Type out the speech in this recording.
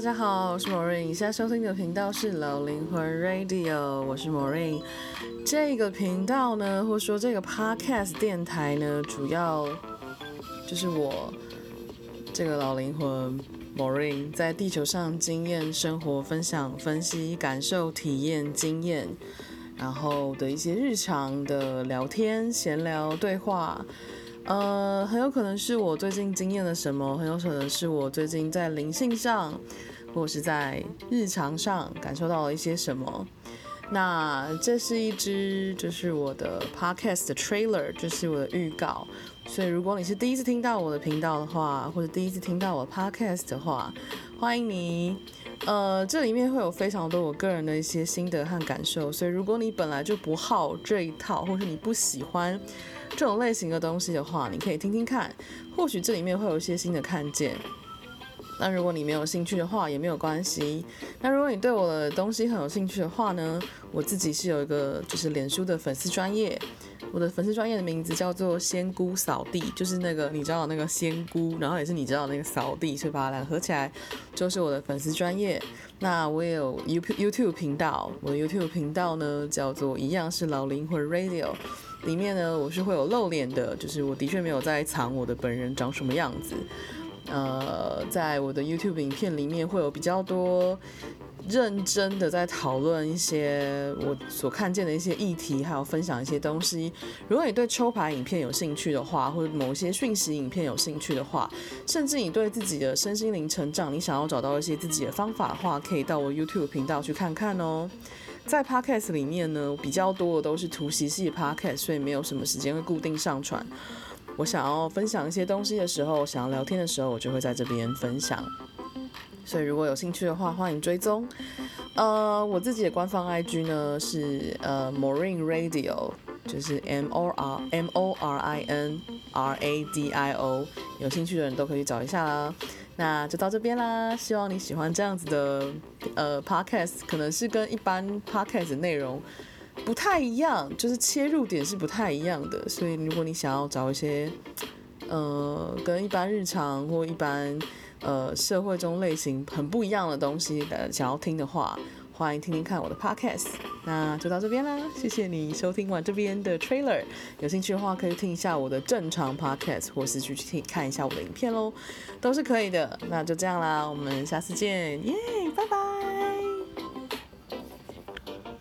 大家好，我是 Maureen。現在收聽的頻道是老靈魂 Radio，我是 Maureen。這個頻道呢，或者說這個 Podcast 電台呢，主要就是我這個老靈魂 Maureen 在地球上經驗生活，分享、分析、感受、體驗、經驗，然後的一些日常的聊天、閒聊、對話。呃，很有可能是我最近經驗了什麼，很有可能是我最近在靈性上，或是在日常上感受到了一些什麼。那這是一支，就是我的 podcast trailer，就是我的預告。所以，如果你是第一次聽到我的頻道的話，或者第一次聽到我的 podcast 的話，歡迎你。呃，這裡面會有非常多我個人的一些心得和感受，所以如果你本來就不好這一套，或是你不喜歡這種類型的東西的話，你可以聽聽看，或許這裡面會有一些新的看見。那如果你沒有興趣的話也沒有關係。那如果你對我的東西很有興趣的話呢，我自己是有一個，就是臉書的粉絲專頁。我的粉絲專業的名字叫做仙姑掃地，就是那個你知道的那個仙姑，然後也是你知道的那個掃地，所以把它倆合起來就是我的粉絲專業。那我有 you YouTube 頻道，我的 YouTube 頻道呢叫做一樣是老靈魂 Radio，裡面呢我是會有露臉的，就是我的確沒有在藏我的本人長什麼樣子。呃，在我的 YouTube 影片裡面會有比較多。認真的在討論一些我所看見的一些議題，還有分享一些東西。如果你對抽牌影片有興趣的話，或者某些訊息影片有興趣的話，甚至你對自己的身心靈成長，你想要找到一些自己的方法的話，可以到我 YouTube 頻道去看看哦、喔。在 Podcast 裡面呢，比較多的都是突襲式 Podcast，所以沒有什麼時間會固定上傳。我想要分享一些東西的時候，想要聊天的時候，我就會在這邊分享。所以如果有興趣的話，歡迎追蹤。呃，我自己的官方 IG 呢是呃，Morin Radio，就是 M O R M O R I N R A D I O，有興趣的人都可以找一下啦。那就到這邊啦，希望你喜歡這樣子的呃 Podcast，可能是跟一般 Podcast 內容不太一樣，就是切入點是不太一樣的。所以如果你想要找一些呃，跟一般日常或一般呃社會中類型很不一樣的東西的，想要聽的話，歡迎聽聽看我的 podcast。那就到這邊啦，謝謝你收聽完這邊的 trailer。有興趣的話，可以聽一下我的正常 podcast，或是去聽看一下我的影片嘍，都是可以的。那就這樣啦，我們下次見，耶，yeah，拜拜。